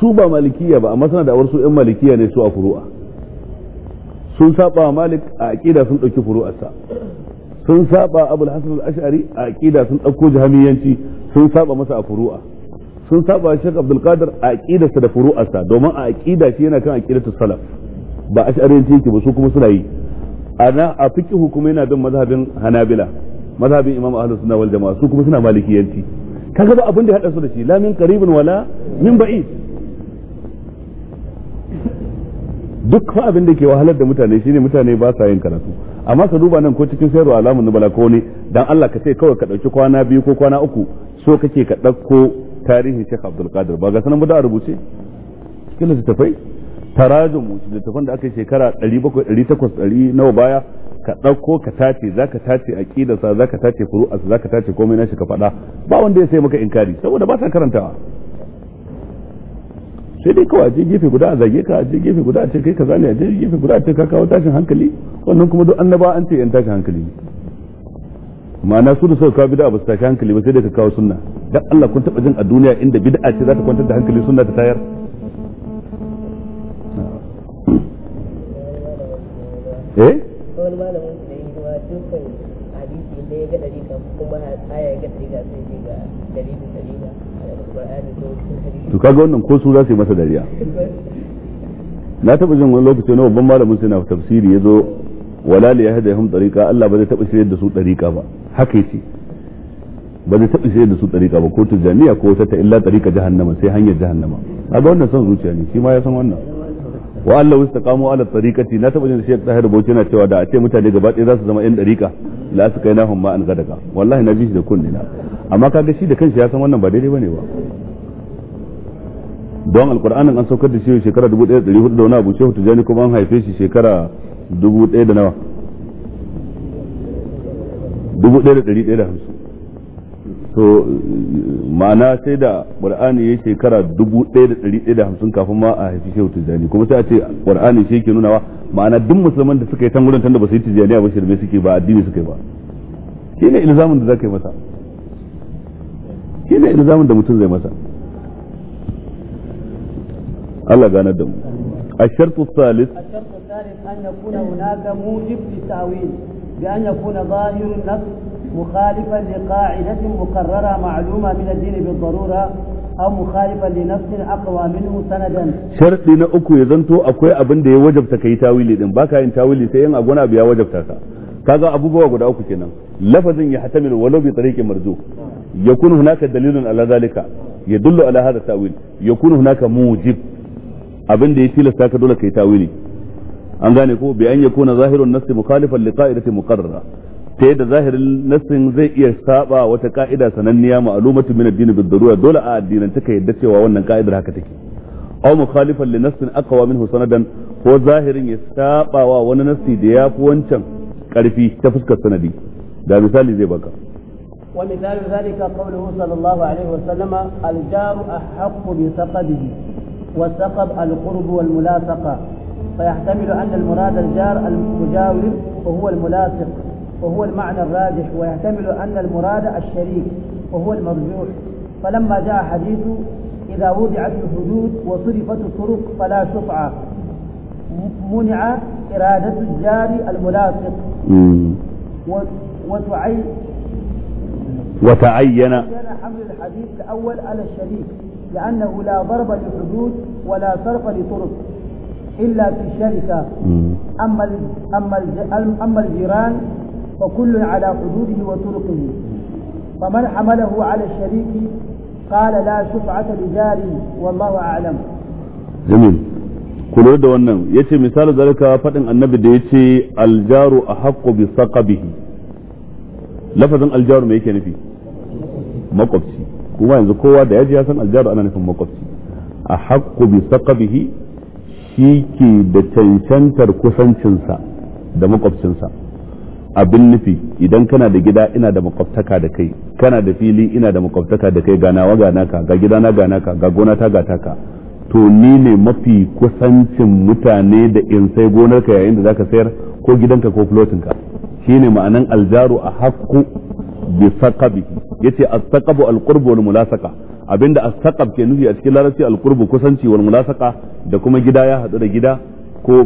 su ba malikiya ba amma suna da awar su ɗan malikiya ne su a furu'a sun saba malik a aqida sun ɗauki furu'arsa sun saba abul hasan al-ash'ari a aqida sun dauko jahamiyanci sun saba masa a furu'a sun saba shek abdul qadir a aqidarsa da furu'arsa domin a aqida shi yana kan aqidatu salaf ba ash'ariyanci yake ba su kuma suna yi ana a fiqhu kuma yana bin mazhabin hanabila mazhabin imam ahlus sunna wal jamaa su kuma suna malikiyanci kaga ba abin da ya hada su da shi la min qaribin wala min ba'id duk fa abin da ke wahalar da mutane shine mutane ba sa yin karatu amma ka duba nan ko cikin sayarwa alamun nubala ko ne dan Allah ka ce kawai ka dauki kwana biyu ko kwana uku so kake ka dauko tarihin Sheikh Abdul Qadir ba ga sanan ba da rubuce cikin littafai tarajum littafan da aka yi shekara 700 800 nawa baya ka ɗauko ka tace za ka tace ƙidasa za ka tace furu'arsa za ka tace komai na shi ka faɗa ba wanda ya sai maka inkari saboda ba ta karantawa sai dai kawai a gefe guda a zage ka a je gefe guda a ce kai kaza ne a je gefe guda a ce ka kawo tashin hankali wannan kuma duk annaba an ce yan tashin hankali ma'ana su da suka kawo bid'a ba su tashi hankali ba sai dai ka kawo sunna dan Allah kun taba jin a duniya inda bid'a ce za ta kwantar da hankali sunna ta tayar eh wani malamin da yi wa dukkan hadisi da ya ga dari kan kuma ya ga to kaga wannan ko su za su yi masa dariya na taba jin wani lokaci na babban malamin sai na tafsiri ya zo wala li hum tariqa Allah ba zai taba shirye da su tariqa ba haka yace ba zai taba shirye da su tariqa ba ko jami'a ko ta illa tariqa jahannama sai hanyar jahannama kaga wannan son zuciya ne shi ma ya san wannan wa Allah wastaqamu ala tariqati na taba jin ta hada boci na cewa da a ce mutane gaba ɗaya za su zama yan tariqa la su kai hum ma an gadaka wallahi na ji shi da kunni na amma kaga shi da kanshi ya san wannan ba daidai bane ba don alkur'anin an saukar da shi shekara 1400 da wani abu shehu tijani kuma an haife shi shekara 1000 da nawa 1150 to ma'ana sai da qur'ani ya shekara 1150 kafin ma a haifi shehu tijani kuma sai a ce qur'ani shi yake nunawa ma'ana duk musulman da suka yi tan tanda da ba su yi a ba shirme suke ba addini suke ba shine ilzamin da zaka yi masa shine ilzamin da mutum zai masa الله قال ندم الشرط الثالث الشرط الثالث أن يكون هناك موجب للتأويل بأن يكون ظاهر النص مخالفا لقاعدة مقررة معلومة من الدين بالضرورة أو مخالفا لنص أقوى منه سندا شرط لنا أكو يزنتو أكو أبن ده وجب تكي تاويل دين باكا إن تاويلي سيئن أبونا بيا وجب تاكا كذا ابو بوا uku اكو lafazin لفظ يحتمل ولو بطريق tariqin يكون هناك دليل على ذلك يدل على هذا التاويل يكون هناك موجب abin da ya tilasta ka dole kai tawili an gane ko bi an yakuna zahirun nass mukhalifan li qa'idati muqarrara ta yadda zahirin nassin zai iya saba wata ka'ida sananniya ma'lumatu min ad-din bi darura dole a addinance ka yadda cewa wannan ka'idar haka take aw mukhalifan li nassin aqwa minhu sanadan ko zahirin ya saba wa wani nassi da ya fi wancan karfi ta fuskar sanadi da misali zai baka ومثال ذلك قوله صلى الله عليه وسلم الجار أحق بسقده والثقب القرب والملاصقة فيحتمل أن المراد الجار المجاور وهو الملاصق وهو المعنى الراجح ويحتمل أن المراد الشريك وهو المرجوح فلما جاء حديث إذا وضعت الحدود وصرفت الطرق فلا شفعة منع إرادة الجار الملاصق وتعين وتعين حمل الحديث الأول على الشريك لأنه لا ضرب لحدود ولا صرف لطرق إلا في الشركة أما أما أما الجيران فكل على حدوده وطرقه فمن حمله على الشريك قال لا شفعة لجاري والله أعلم جميل كل da ونم يتي مثال ذلك فتن النبي ديتي الجار أحق بثقبه aljaru الجار ما bi saƙabihi lafazin kuma yanzu kowa da yaji ya san aljaru ana nufin makwabci a haƙƙu bi saqabihi shi ke da cancantar kusancinsa da makwabcinsa abin nufi idan kana da gida ina da makwabtaka da kai kana da fili ina da makwabtaka da kai ganawa gana ka ga gidana gana ka ga gona ta gata ka to ni ne mafi kusancin mutane da in sai gonarka yayin da zaka sayar ko gidanka ko flotinka shine ma'anan aljaru a haƙƙu. bi saqabi yace as-saqabu al-qurbu wal mulasaqa abinda as-saqab ke nufi a cikin larabci al-qurbu kusanci wal mulasaqa da kuma gida ya hadu da gida ko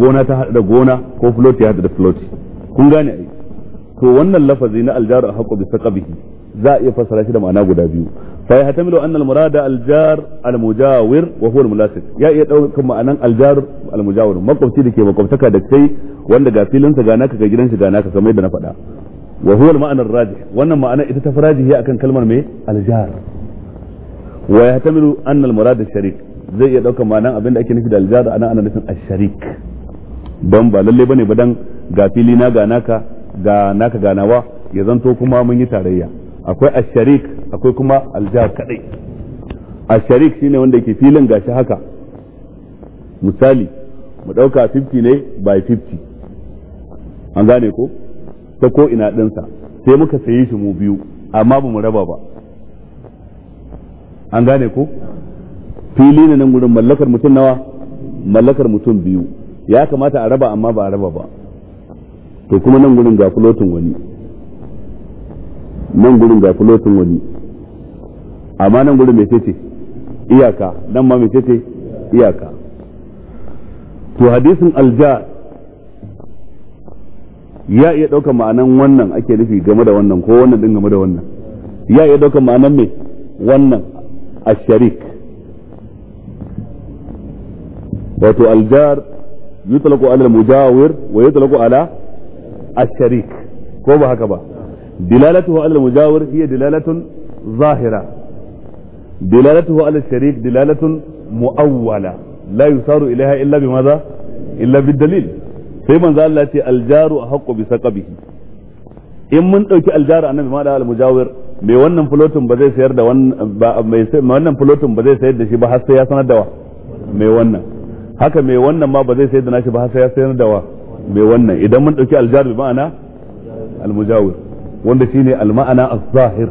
gona ta hadu da gona ko float ya hadu da float kun gane ai to wannan lafazi na al-jaru haqqu bi saqabihi za a iya fassara shi da ma'ana guda biyu fa ya hatamilu anna al-murada al-jar al-mujawir wa huwa al-mulasiq ya iya daukar ma'anan al-jar al-mujawir makwabci dake makwabtaka da kai wanda ga filinsa ga naka ga gidansa ga naka kamar yadda na faɗa wa huwa al-ma'ana ar-rajih wannan ma'ana ita ta farajihi akan kalmar mai al-jar wa yahtamilu anna al-murad ash-sharik zai iya daukar ma'anan abinda ake nufi da al-jar ana ana nufin ash-sharik Ban ba lalle bane ba dan ga fili na ga naka ga naka ganawa ya zanto kuma mun yi tarayya akwai ash-sharik akwai kuma al-jar kadai ash-sharik shine wanda yake filin gashi haka misali mu dauka 50 ne by 50 an gane ko ta ko ina ɗinsa sai muka saye shi mu biyu amma ba mu raba ba an gane ko fili ne nan gudun mallakar mutum nawa mallakar mutum biyu ya kamata a raba amma ba a raba ba to kuma nan gudun ga fulotin wani nan gudun ga fulotin wani amma nan gudun mai ce iyaka nan ma mai ce iyaka to hadisin alja ya iya ɗaukar ma'anan wannan ake nufi game da wannan ko wannan din game da wannan ya iya ɗaukar ma'anan me wannan asharik wato aljar yutlaqu ala mujawir wa yutlaqu ala asharik ko ba haka ba dilalatuhu ala mujawir hiya dilalatun zahira dilalatuhu ala sharik dilalatun muawwala la yusaru ilaha illa bi bimaza illa bi dalil sai manzo Allah ce aljaru haqqu bi saqabihi in mun dauki aljaru annabi ma da mujawir mai wannan fulotin ba zai sayar da wannan ba wannan fulotin ba zai sayar da shi ba har sai ya sanar da wa mai wannan haka mai wannan ma ba zai sayar da nashi ba har sai ya sanar da wa mai wannan idan mun dauki aljaru ma'ana al mujawir wanda shine ma'ana az-zahir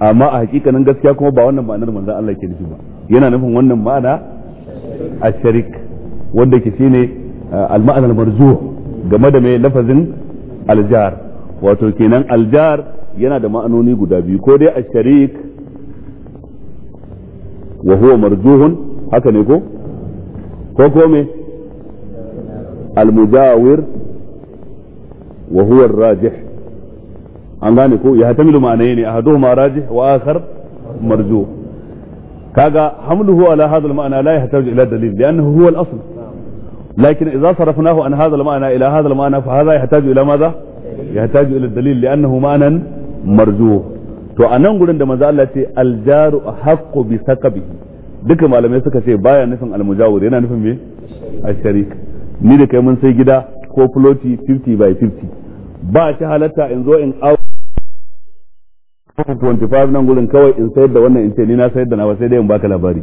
amma a hakikanin gaskiya kuma ba wannan ma'anar manzo Allah ke nufi ba yana nufin wannan ma'ana a sharik wanda ke shine al-ma'ana marzu marzuh game da mai lafazin aljar wato kenan aljar yana da ma'anoni guda biyu ko dai asharik wa huwa marjuhun haka ne ko ko ko me almujawir wa huwa arrajih an gane ko ya hatamilu ma'anayi ne ahaduhuma rajih wa akhar marjuh kaga hamluhu ala hadha al-ma'na la yahtaju ila dalil li'annahu huwa al-asl لكن إذا صرفناه عن هذا المعنى إلى هذا المعنى فهذا يحتاج إلى ماذا يحتاج إلى الدليل لأنه معنى مرجوح to a nan gurin da maza Allah ce aljaru haqqu bi saqabihi duka malamai suka ce baya nufin almujawir yana nufin me asharik ni da kai mun gida ko floti 50 by 50 ba shi halatta in zo in au 25 nan gurin kawai in sayar da wannan in ce ni na sayar da nawa sai dai in baka labari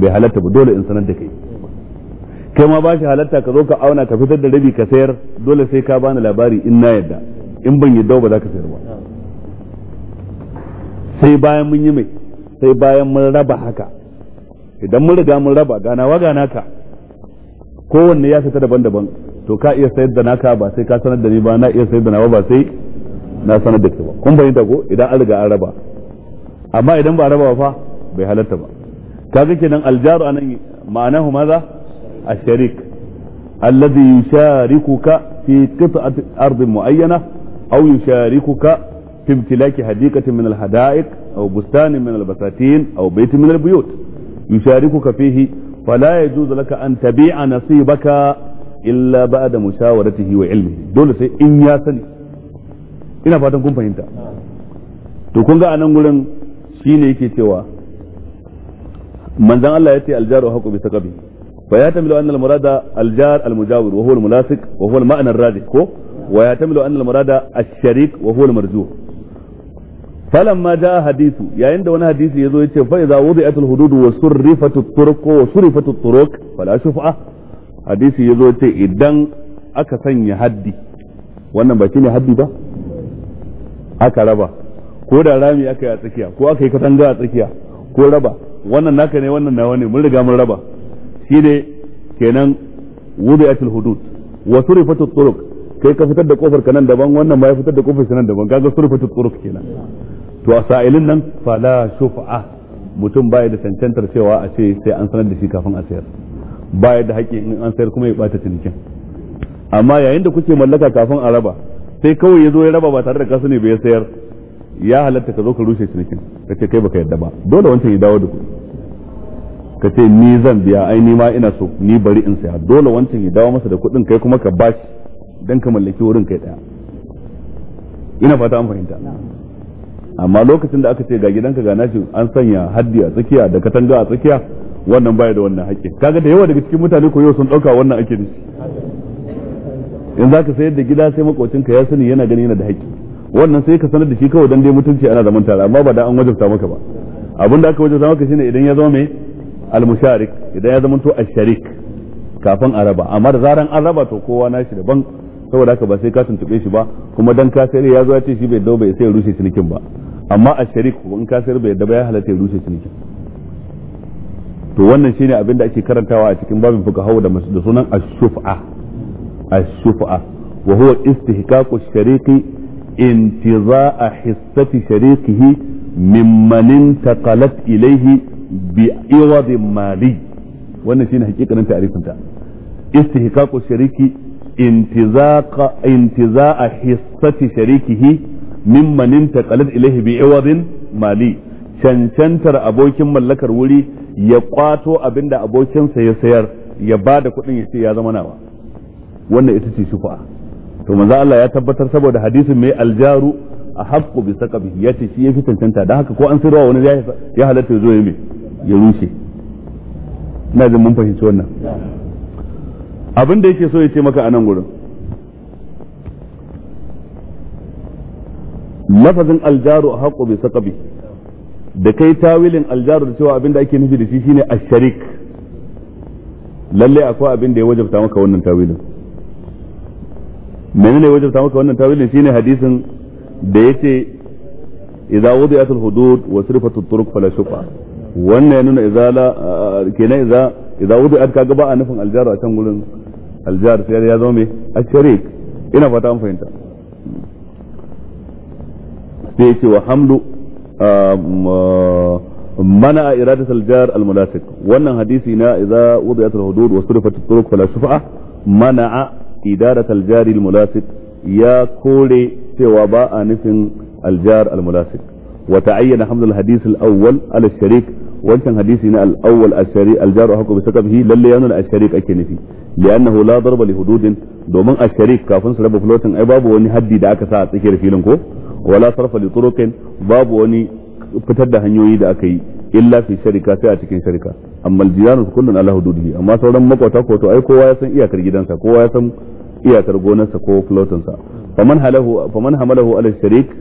bai halatta ba dole in sanar da kai kai ma ba shi halatta ka zo ka auna ka fitar da rabi ka sayar dole sai ka bani labari in na yadda in ban yadda ba za ka sayar ba sai bayan mun yi mai sai bayan mun raba haka idan mun riga mun raba ganawa gana ka kowanne ya fita daban-daban to ka iya sayar da naka ba sai ka sanar da ni ba na iya sayar da nawa ba sai na sanar da ke ba kun bayyana ko idan an riga an raba amma idan ba raba ba fa bai halatta ba kaga kenan aljaru anan ma'anahu maza الشريك الذي يشاركك في قطعة أرض معينة أو يشاركك في امتلاك حديقة من الحدائق أو بستان من البساتين أو بيت من البيوت يشاركك فيه فلا يجوز لك أن تبيع نصيبك إلا بعد مشاورته وعلمه دول سي إن ياسني إنا فاتن كم فهمت تكون أنا نقول شيني كي gurin من ذا الله يتي الجار ya ce فيحتمل أن المراد الجار المجاور وهو الملاصق وهو المعنى الراجح ويحتمل أن المراد الشريك وهو المرجوح فلما جاء حديث يا عند وانا حديث يزو يتي فإذا وضعت الحدود وصرفت الطرق وصرفت الطرق فلا شفعة حديث يزو يتي إدن أكا سني حدي وانا باكيني حدي با أكا ربا ko da rami aka yi a tsakiya ko aka yi katanga a tsakiya ko raba wannan naka ne wannan nawa ne mun riga mun raba shine kenan wuri atul hudud wa surifatu turuq kai ka fitar da kofar ka nan daban wannan ma ya fitar da kofar nan daban kaga surifatu turuq kenan to a sa'ilin nan fala shufa mutum baya da cancantar cewa a ce sai an sanar da shi kafin a sayar baya da haƙƙi in an sayar kuma ya bata cinikin amma yayin da kuke mallaka kafin a raba sai kawai ya zo ya raba ba tare da kasu ne ya sayar ya halatta ka zo ka rushe cinikin ka ce kai baka yadda ba dole wancan ya dawo da kuɗi ka ce ni zan biya ai ni ma ina so ni bari in saya dole wancan ya dawo masa da kuɗin kai kuma ka bashi dan ka mallaki wurin kai daya ina fata an fahimta amma lokacin da aka ce ga gidanka ga nashi an sanya haddi a tsakiya da katanga a tsakiya wannan baya da wannan haƙƙi kaga da yawa daga cikin mutane ko yau sun ɗauka wannan ake da in za ka sayar da gida sai makocinka ya sani yana gani yana da haƙƙi wannan sai ka sanar da shi kawai dan dai mutunci ana zaman tare amma ba da an wajabta maka ba abin da aka wajabta maka shine idan ya zama mai almusharik idan ya zama to al-sharik kafin a raba amma da zaran an raba to kowa na shi daban saboda haka ba sai ka tuntube shi ba kuma dan ka sayar ya zo ya ce shi bai dau bai sai rushe cinikin ba amma al-sharik in ka sayar bai dawo ya halatta ya rushe cinikin to wannan shine abin da ake karantawa a cikin babin fuqaha da da sunan ashuf'a shufa ash-shuf'a wa huwa istihqaqu ash-shariqi intiza'a hissati sharikihi mimman intaqalat ilayhi bi iwadin mali wannan shine hakikanin ta'arifin ta istihqaqu shariki intizaqa intizaa hissati sharikihi mimman intaqalat ilayhi bi iwadin mali cancantar abokin mallakar wuri ya kwato abinda abokinsa ya sayar ya bada kuɗin ya ya zama nawa wannan ita ce shufa'a to manzo Allah ya tabbatar saboda hadisi mai aljaru a haqqu bi ya yace shi yafi tantanta dan haka ko an sayarwa wani ya halatta zo yi mai ya rushe na jin mun fahimci wannan abin da yake so ya ce maka a nan gurin lafazin aljaru a haƙo bai saƙa da kai tawilin aljaru da cewa abin da ake nufi da shi shine sharik lalle akwai abin da ya wajabta maka wannan tawilin menene ya wajabta maka wannan tawilin shine hadisin da ce idza wudiyat al-hudud wa wasu at-turuq fala shuqa wannan ya nuna izala kenan iza idza wudi'at kaga ba a nufin aljar a can gurin aljar sai ya zama me asharik ina fata an fahimta sai yace wa hamlu منع إرادة الجار الملاصق وأن حديثنا إذا وضعت الحدود وصرفت الطرق فلا شفعة منع إدارة الجار الملاصق يا كولي سوى باء نفن الجار الملاصق وتعين حمل الحديث الأول على الشريك wancan hadisi na al-awwal ashari al-jaru haku bi sakabihi lalle ya nuna ake nufi li'annahu la darba li hududin domin asharik kafin su raba flotin ai babu wani haddi da aka sa a tsakiyar filin ko wala sarfa li turuqin babu wani fitar da hanyoyi da aka yi illa fi sharika sai a cikin sharika amma al-jiranu kullun ala hududihi amma sauran makwata ko to ai kowa ya san iyakar gidansa kowa ya san iyakar gonarsa ko flotinsa faman halahu faman hamalahu ala sharik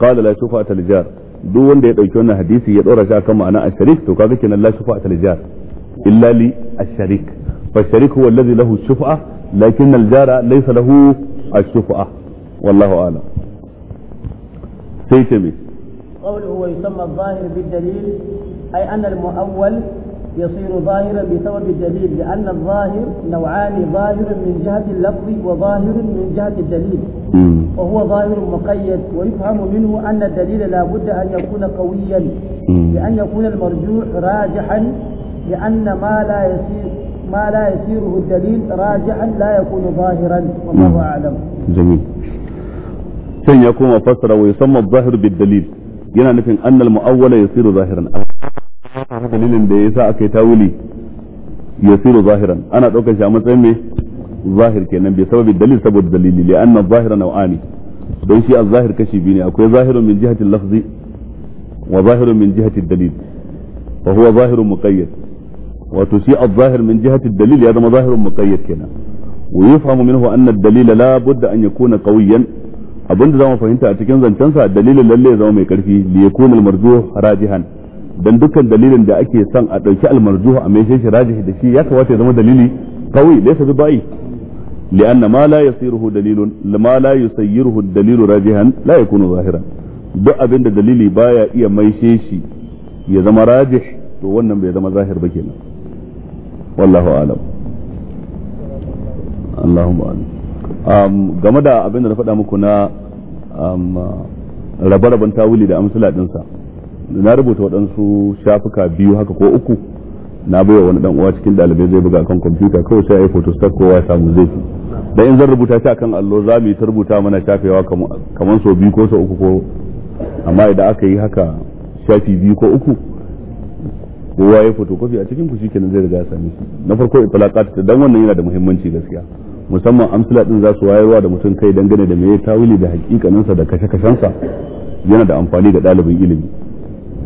qala la shufa al-jar duk wanda ya dauki wannan hadisi ya dora shi akan ma'ana asharik to kaga kenan la shufa atal jar illa li asharik fa asharik huwa alladhi lahu shufa lakin al jara laysa lahu ashufa wallahu a'lam sai ce me qawluhu wa yusamma adh-dhahir bid-dalil ay anna al-mu'awwal يصير ظاهرا بسبب الدليل لأن الظاهر نوعان ظاهر من جهة اللفظ وظاهر من جهة الدليل وهو ظاهر مقيد ويفهم منه أن الدليل لا بد أن يكون قويا بأن يكون المرجوح راجحا لأن ما لا يسير ما لا يسيره الدليل راجعا لا يكون ظاهرا والله أعلم جميل can ya koma fassara wa yusamma zahir bid dalil yana nufin annal mu'awwala yasiru zahiran dalilin da yasa aka yi tawili yasiru zahiran ana daukar shi a matsayin me zahir kenan bi sababi dalil saboda dalili li anna zahira nau'ani don shi az-zahir kashi biyu ne akwai zahirun min jihati lafzi wa zahirun min jihati dalil wa huwa zahirun muqayyad wato shi az-zahir min jihati dalil ya zama zahirun muqayyad kenan wa yufhamu minhu anna ad-dalila la budda an yakuna qawiyan abinda zamu fahimta a cikin zancensa dalilin lalle zama mai karfi li yakuna al-marjuh rajihan dan dukkan dalilin da ake son a dauki al-marjuh a mai shi rajih da shi ya kamata ya zama dalili قوي ليس بضعيف لأن ما لا يصيره دليل ما لا يسيره الدليل راجها لا يكون ظاهرا duk abin da dalili baya iya maishe shi ya zama rajih to wannan bai zama zahir ba kenan wallahu alam Allahumma alam um, game da abin da na faɗa muku na um, rabe-raben tawuli da amsila ɗinsa na rubuta waɗansu shafuka biyu haka ko uku na baiwa wani dan uwa cikin dalibai zai buga kan kwamfuta kawai sai ai photostat kowa ya samu zai fi da in zan rubuta shi akan allo za mu yi ta rubuta mana shafewa kamar sau biyu ko sau uku ko amma idan aka yi haka shafi biyu ko uku kowa ya fotokofi a cikin ku kenan zai riga sami na farko itlaqat ta dan wannan yana da muhimmanci gaskiya musamman amsila din za su wayarwa da mutum kai dangane da meye tawili da hakikaninsa da kashe-kashensa yana da amfani da ɗalibin ilimi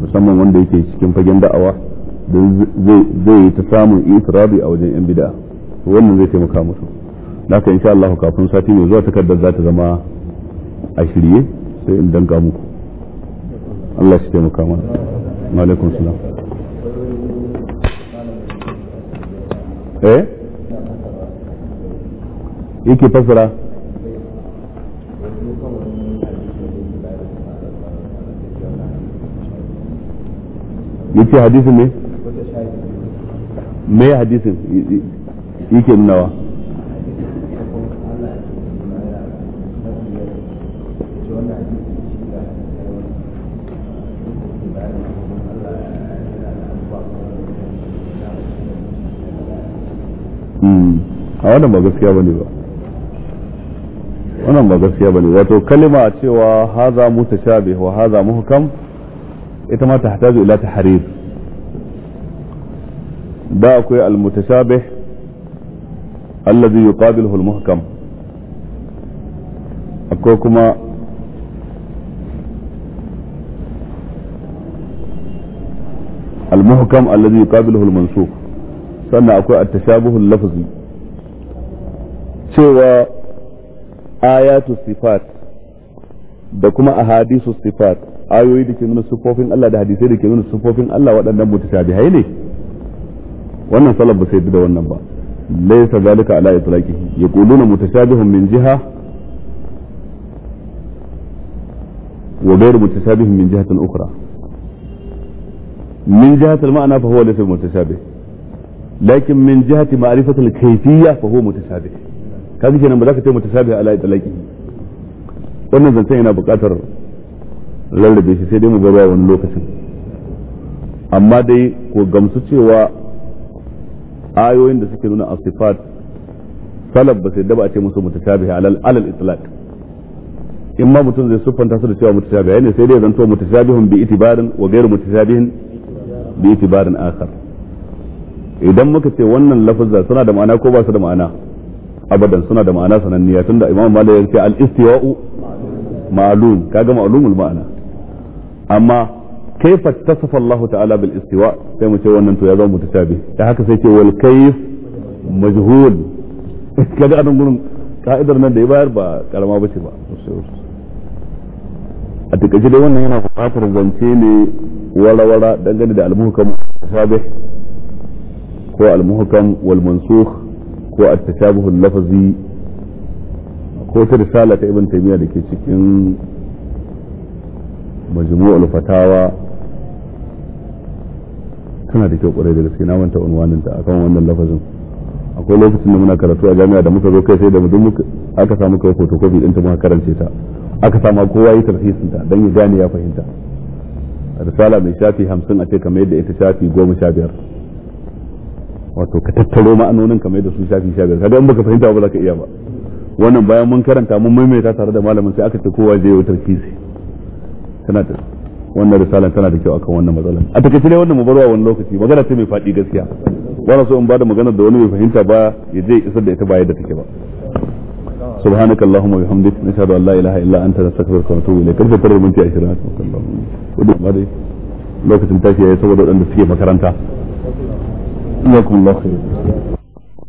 musamman wanda yake cikin fagen da'awa zai yi ta samun itirabi a wajen yan bid'a wannan zai taimaka musu haka insha Allah kafin sati mai zuwa takardar za ta zama a shirye sai in danka muku Allah shi taimaka mana wa alaikum salam eh yake fasara yake hadisi ne me hadisin yake nawa. Hmm. a wannan ba gaskiya ba ne ba wannan ba gaskiya ba ne wato kalima cewa haza mutashabih wa haza muhkam ita ma ta hataju ila tahrir da akwai almutashabih allazi yuqabiluhu almuhkam akwai kuma المحكم الذي يقابله المنسوخ sannan akwai التشابه اللفظي cewa ayatu sifat da kuma ahadisu sifat ayoyi da ke nuna sufofin Allah da hadisai da ke nuna sufofin Allah waɗannan mutashabihai ne wannan salaf ba sai da wannan ba laysa zalika ala itlaqihi yaquluna mutashabihun min jiha wa ghayr mutashabihun min jihatin ukhra من جهة المعنى فهو ليس متشابه لكن من جهة kayfiyya fa huwa mutashabih kaji kenan ba za ka ce mutashabih ala itlaqi wannan zancen yana buƙatar lallabe shi sai dai mu ga wani lokacin amma dai ko gamsu cewa ayoyin da suke nuna asifat salaf ba sai daba a ce musu mutashabiha alal alal itlaq in ma mutum zai siffanta su da cewa mutashabiha ne sai dai zan zanto mutashabihun bi itibarin wa ghairu mutashabihin bi itibarin akhar idan muka ce wannan lafazza suna da ma'ana ko ba su da ma'ana abadan suna da ma'ana sananniya tunda imam malik ya ce al istiwa'u ma'lum kaga ma'lumul ma'ana amma كيف اتصف الله تعالى بالاستواء sai mu ce wannan to ya zama mutashabi da haka sai ce wal kayf majhul kaga anan gurin ka'idar nan da ya bayar ba karama bace ba a takaice dai wannan yana buƙatar zance ne wala-wala dangane da almuhkam tashabih ko almuhkam wal mansukh ko at-tashabuh al-lafzi ko ta risala ta ibn taymiya da ke cikin majmu'ul fatawa tana da kyau kwarai da gaske na manta unwanin ta akan wannan lafazin akwai lokacin da muna karatu a jami'a da muka zo kai sai da mu aka samu kai photocopy din ta muka karance ta aka sama kowa yi tarhisin ta dan ya gane ya fahimta risala mai shafi hamsin a ce kamar yadda ita shafi goma sha biyar wato ka tattaro ma'anonin kamar yadda su shafi sha biyar kaga in baka fahimta ba za ka iya ba wannan bayan mun karanta mun maimaita tare da malamin sai aka ce kowa zai yi tarhisi tana da wannan risala tana da kyau akan wannan matsala a take ne wannan mubarwa wani lokaci magana ce mai faɗi gaskiya wala so in da magana da wani mai fahimta ba ya je isar da ita ba yadda take ba سبحانك اللهم وبحمدك نشهد ان لا اله الا انت نستغفرك ونتوب اليك كيف تقرر من تي 20 sallallahu lokacin tashi yayi saboda wadanda suke makaranta